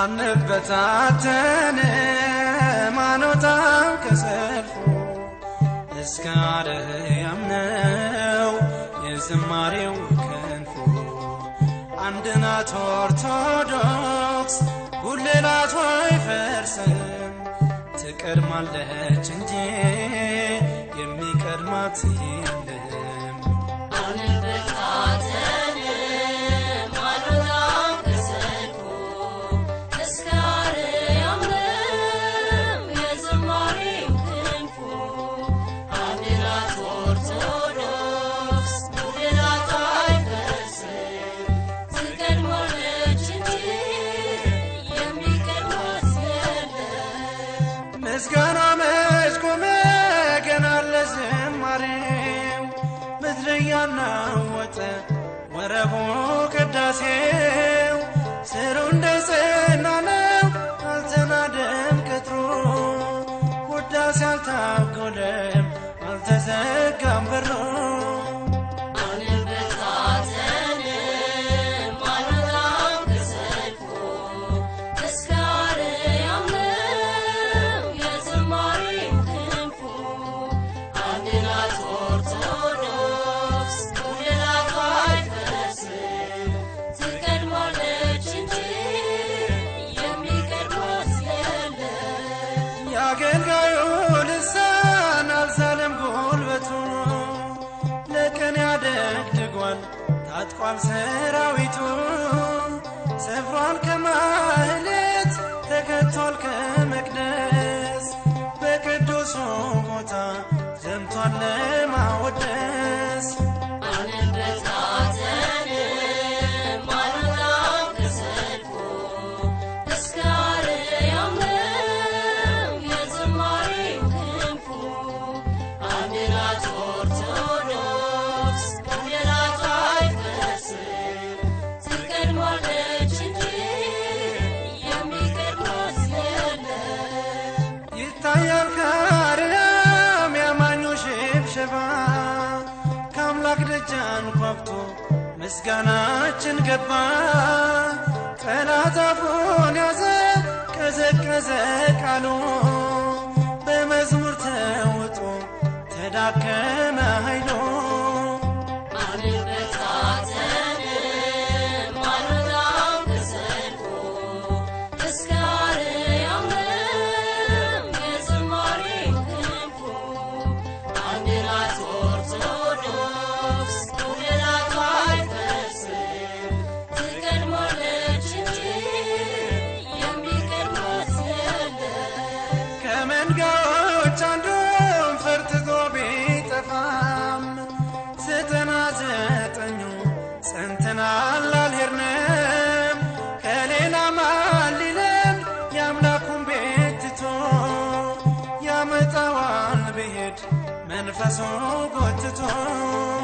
አንበታተንም አንወጣም ከሰልፉ እስከ አርያም ነው የዝማሬው ክንፉ። አንድናት ኦርቶዶክስ ጉልላቷ አይፈርስም ትቀድማለች እንጂ የሚቀድማት የለም። ምስጋና መች ቆመ ገና ለዝማሬው ምድር እያናወጠ ወረቡ ቅዳሴው ስሩ እንደ ጽና ነው አልተናደም ቅጥሩ ውዳሴ አልታጎለም አልተዘጋም በሩ ቦታ ዘምቷል ለማወደስ ምስጋናችን ገባ ጠላት አፉን ያዘ ቀዘቀዘ ቃሉ በመዝሙር ተውጦ ተዳከመ ኃይሉ That's go to